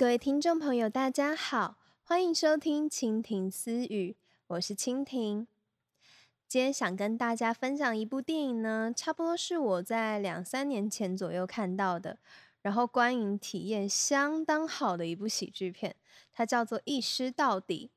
各位聽眾朋友，大家好，歡迎收聽《蜻蜓私語》，我是蜻蜓。今天想跟大家分享一部電影呢，差不多是我在兩三年前左右看到的，然後觀影體驗相當好的一部喜劇片，它叫做《一屍到底》。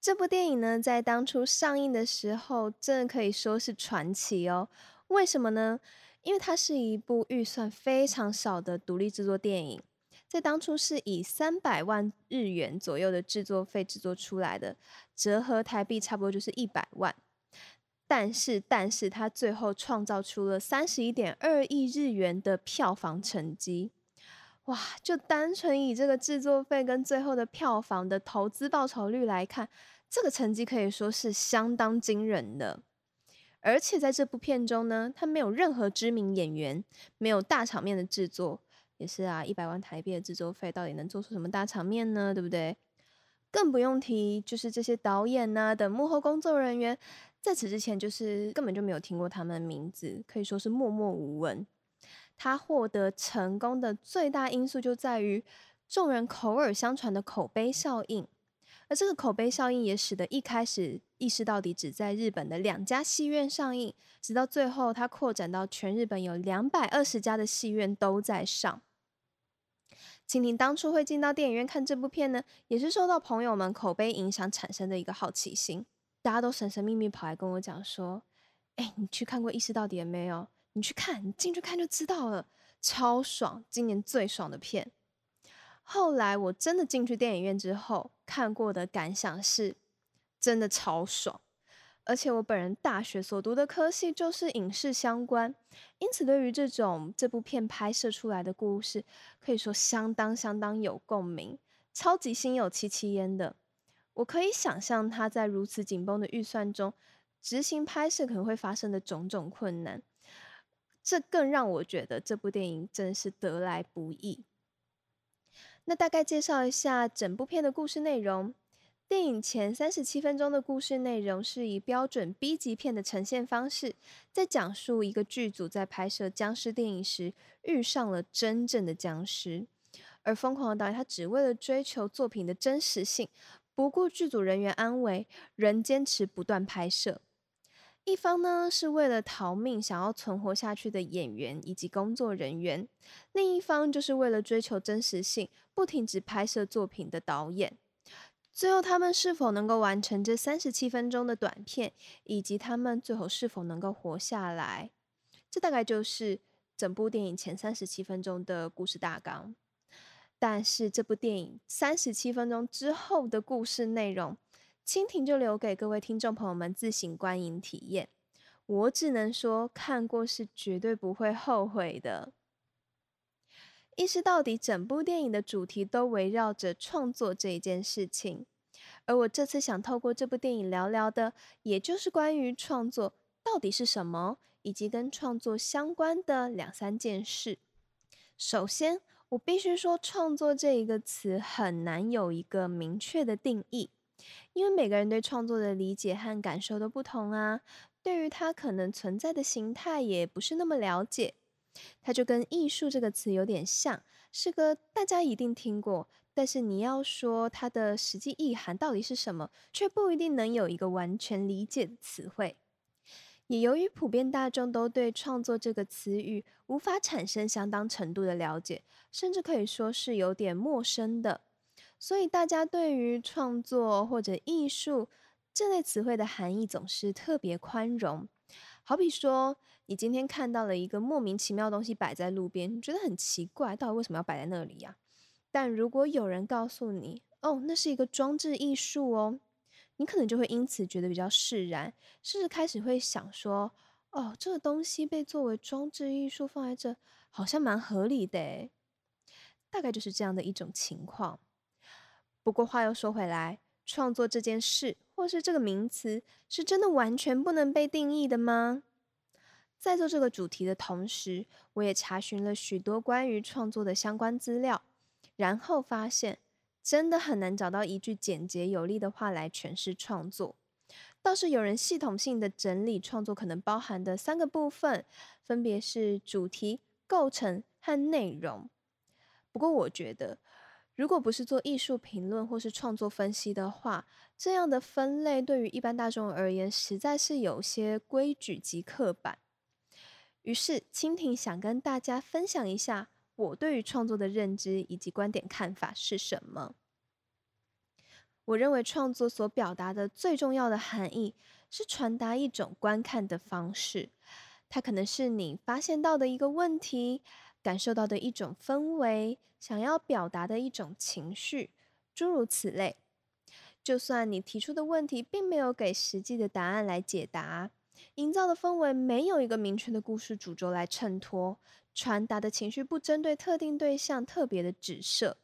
這部電影呢，在當初上映的時候，真的可以說是傳奇哦。為什麼呢？因為它是一部預算非常少的獨立制作電影。在當初是以三百萬日元左右的製作費製作出來的，折合台幣差不多就是一百萬。但是，但是它最後創造出了三十一點二億日元的票房成績，哇！就單純以這個制作費跟最後的票房的投資報酬率來看，這個成績可以說是相當驚人的。而且在這部片中呢，它沒有任何知名演員，沒有大場面的制作。.也是啊，一百萬台幣的制作費到底能做出什麼大場面呢？對不對？更不用提就是這些導演吶、啊、等幕後工作人員，在此之前就是根本就沒有聽過他們的名字，可以說是默默無聞。他獲得成功的最大因素就在於眾人口耳相傳的口碑效應，而這個口碑效應也使得一開始《一屍到底》只在日本的兩家戲院上映，直到最後他擴展到全日本有兩百二十家的戲院都在上。蜻蜓當初會進到電影院看這部片呢，也是受到朋友們口碑影響產生的一個好奇心。大家都神神秘秘跑來跟我講說：“哎，你去看過《一屍到底》沒有？你去看，你進去看就知道了，超爽，今年最爽的片。”後來我真的進去電影院之後看過的感想是，真的超爽。而且我本人大學所讀的科系就是影視相關，因此對於這種這部片拍攝出來的故事，可以說相當相當有共鳴，超級心有戚戚焉的。我可以想象他在如此緊繃的預算中執行拍攝可能會發生的種種困難，這更讓我覺得這部電影真是得來不易。那大概介紹一下整部片的故事內容。電影前三十七分鐘的故事內容是以標準 B 級片的呈現方式，在講述一個劇組在拍攝僵屍電影時遇上了真正的僵屍，而瘋狂的導演他只為了追求作品的真實性，不顧劇組人員安危，仍堅持不斷拍攝。一方呢是為了逃命想要存活下去的演員以及工作人員，另一方就是為了追求真實性不停止拍攝作品的導演。最後，他們是否能夠完成這三十七分鐘的短片，以及他們最後是否能夠活下來，這大概就是整部電影前三十七分鐘的故事大綱。但是，這部電影三十七分鐘之後的故事內容，蜻蜓就留給各位聽眾朋友們自行觀影體驗。我只能說，看過是絕對不會後悔的。一屍到底整部電影的主題都圍繞着創作這一件事情，而我這次想透過這部電影聊聊的，也就是關於創作到底是什麼，以及跟創作相關的兩三件事。首先，我必須說，創作這一個詞很難有一個明確的定義，因為每個人對創作的理解和感受都不同啊，對於它可能存在的形態也不是那麼了解。它就跟“藝術”這個詞有點像，是個大家一定聽過，但是你要說它的實際意涵到底是什麼，卻不一定能有一個完全理解的詞彙。也由於普遍大眾都對“創作”這個詞語無法產生相當程度的了解，甚至可以說是有點陌生的，所以大家對於創作或者藝術這類詞彙的含義總是特別寬容。好比說，你今天看到了一個莫名其妙的東西擺在路邊，你覺得很奇怪，到底為什麼要擺在那裡呀？但如果有人告訴你，哦，那是一個裝置藝術哦，你可能就會因此覺得比較釋然，甚至開始會想說，哦，這個東西被作為裝置藝術放在這，好像蠻合理的誒，大概就是這樣的一種情況。不過話又說回來，創作這件事或是這個名詞，是真的完全不能被定義的嗎？在做這個主題的同時，我也查詢了許多關於創作的相關資料，然後發現，真的很難找到一句簡潔有力的話來詮釋創作。倒是有人系統性的整理創作可能包含的三個部分，分別是主題、構成和內容。不過，我覺得，如果不是做藝術評論或是創作分析的話，這樣的分類對於一般大眾而言，實在是有些規矩及刻板。於是，蜻蜓想跟大家分享一下我對於創作的認知以及觀點看法是什麼？我認為創作所表達的最重要的含義是傳達一種觀看的方式，它可能是你發現到的一個問題，感受到的一種氛圍，想要表達的一種情緒，諸如此類。就算你提出的問題並沒有給實際的答案來解答，營造的氛圍沒有一個明確的故事主軸來襯托，傳達的情緒不針對特定對象特別的指涉，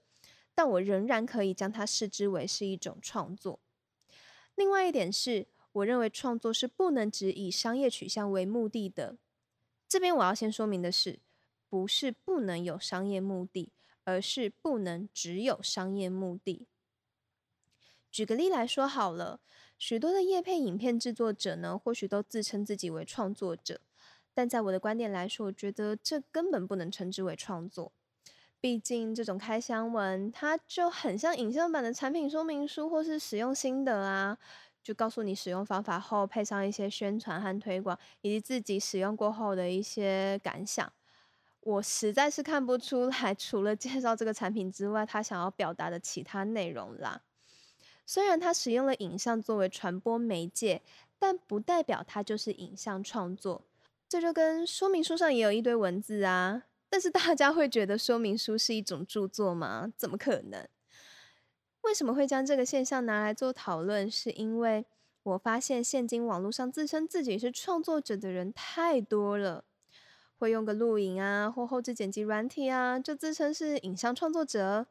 但我仍然可以將它視之為是一種創作。另外一點是，我認為創作是不能只以商業取向為目的的。這邊我要先說明的是，不是不能有商業目的，而是不能只有商業目的。舉個例來說好了。許多的業配影片製作者呢，或許都自稱自己為創作者，但在我的觀點來說，我覺得這根本不能稱之為創作。畢竟這種開箱文，它就很像影像版的產品說明書或是使用心得啊，就告訴你使用方法後，配上一些宣傳和推廣，以及自己使用過後的一些感想。我實在是看不出來，除了介紹這個產品之外，他想要表達的其他內容啦。雖然它使用了影像作為傳播媒介，但不代表它就是影像創作。這就跟說明書上也有一堆文字啊，但是大家會覺得說明書是一種著作嗎？怎麼可能？為什麼會將這個現象拿來做討論？是因為我發現現今網絡上自稱自己是創作者的人太多了，會用個錄影啊或後製剪輯軟體啊，就自稱是影像創作者。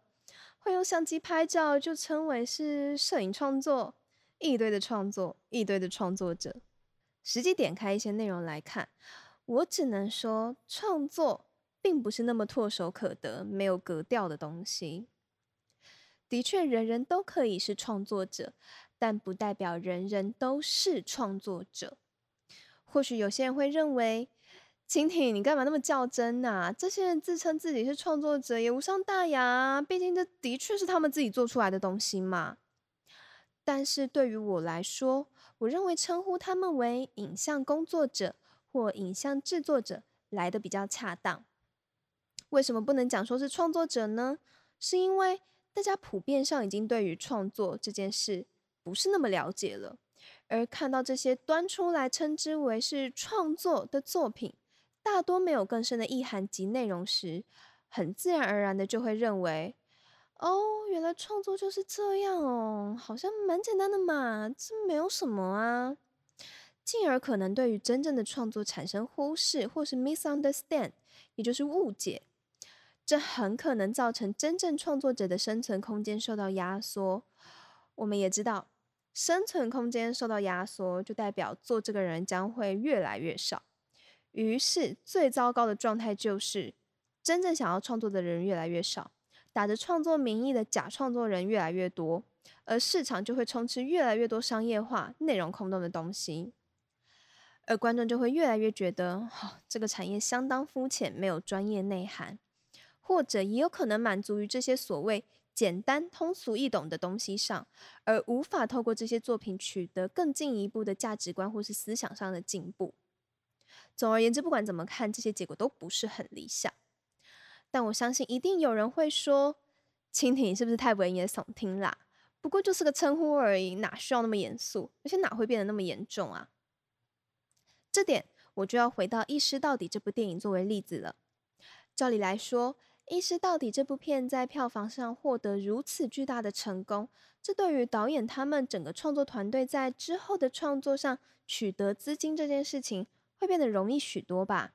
會用相機拍照，就稱為是攝影創作，一堆的創作，一堆的創作者。實際點開一些內容來看，我只能說，創作並不是那麼唾手可得、沒有格調的東西。的確，人人都可以是創作者，但不代表人人都是創作者。或許有些人會認為，蜻蜓，你幹嘛那麼較真吶、啊？這些人自稱自己是創作者也無傷大雅，畢竟這的確是他們自己做出來的東西嘛。但是對於我來說，我認為稱呼他們為影像工作者或影像製作者來得比較恰當。為什麼不能講說是創作者呢？是因為大家普遍上已經對於創作這件事不是那麼了解了，而看到這些端出來稱之為是創作的作品。大多沒有更深的意涵及內容時，很自然而然的就會認為，哦，原來創作就是這樣哦，好像蠻簡單的嘛，這沒有什麼啊，進而可能對於真正的創作產生忽視或是 misunderstand，也就是誤解。這很可能造成真正創作者的生存空間受到壓縮。我們也知道，生存空間受到壓縮，就代表做這個人將會越來越少。於是，最糟糕的狀態就是，真正想要創作的人越來越少，打着創作名義的假創作人越來越多，而市場就會充斥越來越多商業化、內容空洞的東西，而觀眾就會越來越覺得，哦，這個產業相當膚淺，沒有專業內涵，或者也有可能滿足於這些所謂簡單、通俗易懂的東西上，而無法透過這些作品取得更進一步的價值觀或是思想上的進步。總而言之，不管怎麼看，這些結果都不是很理想。但我相信，一定有人會說：“蜻蜓是不是太危言聳聽啦？不過就是個稱呼而已，哪需要那麼嚴肅？而且哪會變得那麼嚴重啊？”這點我就要回到《一屍到底》這部電影作為例子了。照理來說，《一屍到底》這部片在票房上獲得如此巨大的成功，這對於導演他們整個創作團隊在之後的創作上取得資金這件事情。會變得容易許多吧，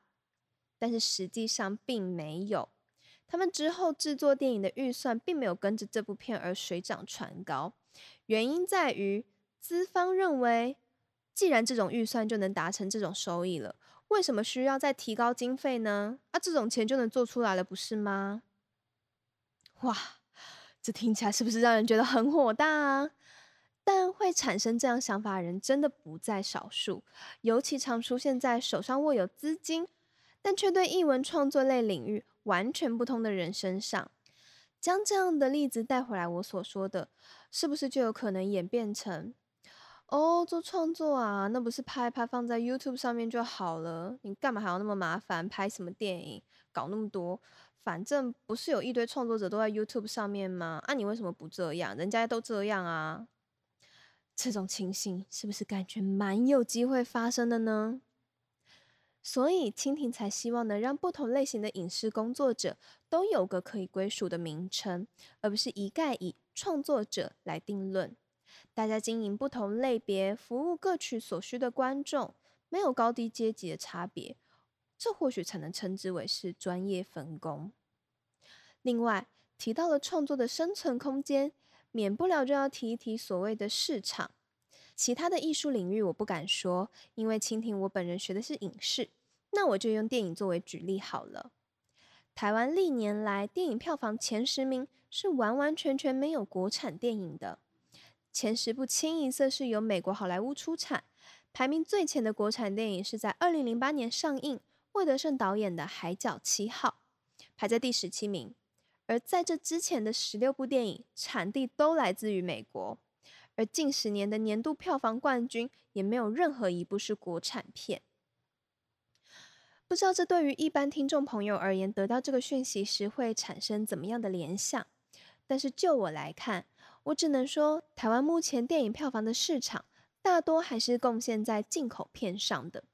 但是實際上並沒有。他們之後製作電影的預算並沒有跟着這部片而水漲船高，原因在於資方認為，既然這種預算就能達成這種收益了，為什麼需要再提高經費呢？啊，這種錢就能做出來了，不是嗎？哇，這聽起來是不是讓人覺得很火大啊？但會產生這樣想法的人真的不在少數，尤其常出現在手上握有資金，但卻對藝文創作類領域完全不通的人身上。將這樣的例子帶回來，我所說的是不是就有可能演變成：哦，做創作啊，那不是拍一拍放在 YouTube 上面就好了？你幹嘛還要那麼麻煩，拍什麼電影，搞那麼多？反正不是有一堆創作者都在 YouTube 上面嗎？啊，你為什麼不這樣？人家都這樣啊。這種情形是不是感覺蠻有機會發生的呢？所以蜻蜓才希望能讓不同類型的影視工作者都有個可以歸屬的名稱，而不是一概以創作者來定論。大家經營不同類別，服務各取所需的觀眾，沒有高低階級的差別，這或許才能稱之為是專業分工。另外提到了創作的生存空間。免不了就要提一提所謂的市場，其他的藝術領域我不敢說，因為蜻蜓我本人學的是影視，那我就用電影作為舉例好了。台灣歷年來電影票房前十名是完完全全沒有國產電影的，前十部清一色是由美國好萊塢出產，排名最前的國產電影是在2008年上映，魏德聖導演的《海角七號》，排在第十七名。而在這之前的十六部電影，產地都來自於美國，而近十年的年度票房冠軍也沒有任何一部是國產片。不知道這對於一般聽眾朋友而言，得到這個訊息時會產生怎麼樣的聯想？但是就我來看，我只能說，台灣目前電影票房的市場大多還是貢獻在進口片上的。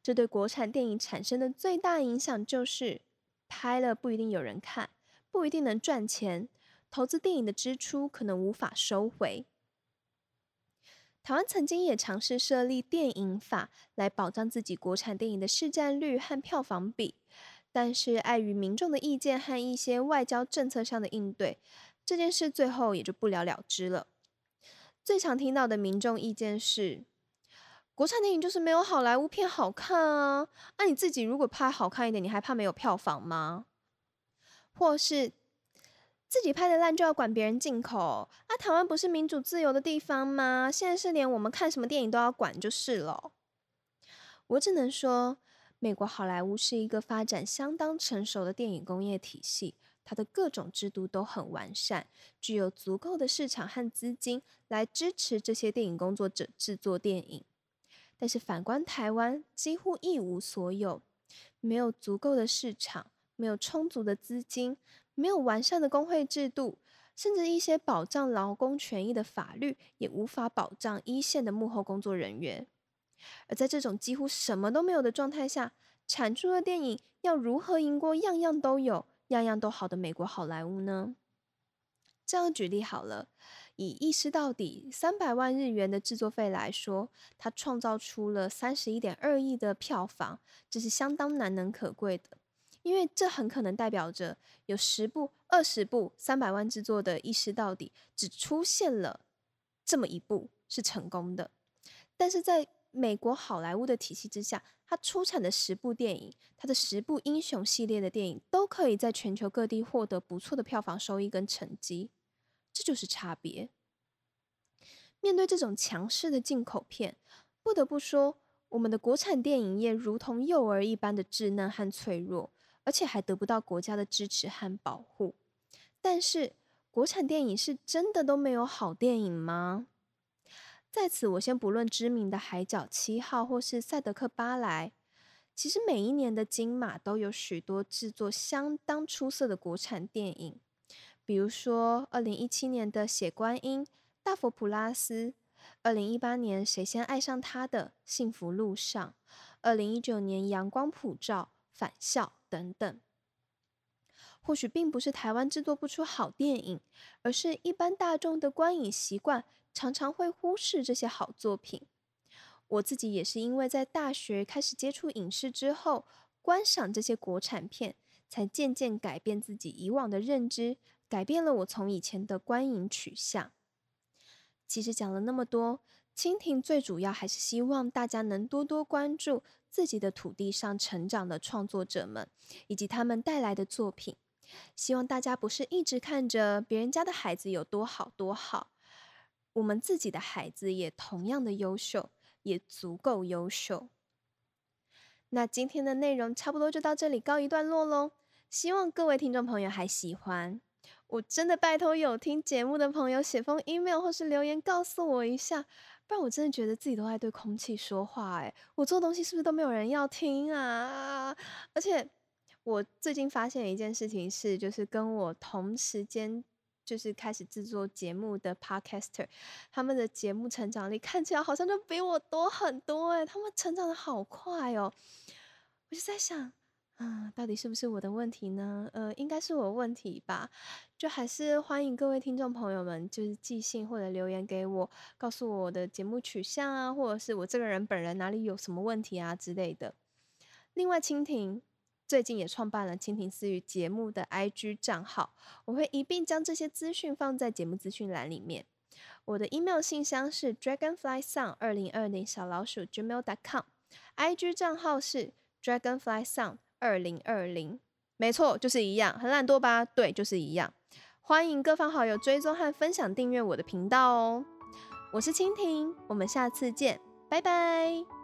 這對國產電影產生的最大的影響就是，拍了不一定有人看。不一定能賺錢，投資電影的支出可能無法收回。台灣曾經也嘗試設立電影法來保障自己國產電影的市占率和票房比，但是礙於民眾的意見和一些外交政策上的應對，這件事最後也就不了了之了。最常聽到的民眾意見是，國產電影就是沒有好萊塢片好看啊！那，啊，你自己如果拍好看一點，你還怕沒有票房嗎？或是自己拍的爛就要管別人進口啊？台灣不是民主自由的地方嗎？現在是連我們看什麼電影都要管，就是了。我只能說，美國好萊塢是一個發展相當成熟的電影工業體系，它的各種制度都很完善，具有足夠的市場和資金來支持這些電影工作者制作電影。但是反觀台灣，幾乎一無所有，沒有足夠的市場。沒有充足的資金，沒有完善的工會制度，甚至一些保障勞工權益的法律，也無法保障一線的幕後工作人員。而在這種幾乎什麼都沒有的狀態下，產出的電影要如何贏過樣樣都有、樣樣都好的美國好萊塢呢？這樣舉例好了，以一屍到底三百萬日元的制作費來說，它創造出了三十一點二億的票房，這是相當難能可貴的。因為這很可能代表着有十部、二十部、三百萬制作的《一屍到底》只出現了這麼一部是成功的，但是在美國好萊塢的體系之下，它出產的十部電影，它的十部英雄系列的電影，都可以在全球各地獲得不錯的票房收益跟成績，這就是差別。面對這種強勢的進口片，不得不說，我們的國產電影業如同幼兒一般的稚嫩和脆弱。而且還得不到國家的支持和保護，但是國產電影是真的都沒有好電影嗎？在此，我先不論知名的《海角七號》或是《賽德克·巴萊》，其實每一年的金馬都有許多制作相當出色的國產電影，比如說二零一七年的《血觀音》、《大佛普拉斯》，二零一八年《誰先愛上他的》、《幸福路上》，二零一九年《陽光普照》、《返校》。等等，或許並不是台灣製作不出好電影，而是一般大眾的觀影習慣常常會忽視這些好作品。我自己也是因為在大學開始接觸影視之後，觀賞這些國產片，才漸漸改變自己以往的認知，改變了我從以前的觀影取向。其實講了那麼多，蜻蜓最主要還是希望大家能多多關注。自己的土地上成長的創作者們，以及他們帶來的作品，希望大家不是一直看着別人家的孩子有多好多好，我們自己的孩子也同樣的優秀，也足夠優秀。那今天的內容差不多就到這裡告一段落嘍，希望各位聽眾朋友還喜歡。我真的拜托有聽節目的朋友寫封 email 或是留言告訴我一下。不然我真的覺得自己都在對空氣說話、欸，誒我做的東西是不是都沒有人要聽啊？而且我最近發現一件事情是，就是跟我同時間就是開始製作節目的 Podcaster，他們的節目成長力看起來好像都比我多很多、欸，誒他們成長得好快哦、喔，我就在想。啊、嗯，到底是不是我的問題呢？呃，應該是我問題吧。就還是歡迎各位聽眾朋友們，就是寄信或者留言給我，告訴我的節目取向啊，或者是我這個人本人哪裡有什麼問題啊之類的。另外，蜻蜓最近也創辦了蜻蜓私語節目的 IG 賬號，我會一併將這些資訊放在節目資訊欄裡面。我的 email 信箱是 dragonfly song 二零二零小老鼠 gmail dot com，IG 賬號是 dragonfly song。二零二零，沒錯，就是一樣，很懶惰吧？對，就是一樣。歡迎各方好友追蹤和分享訂閱我的頻道哦，我是蜻蜓，我們下次見，拜拜。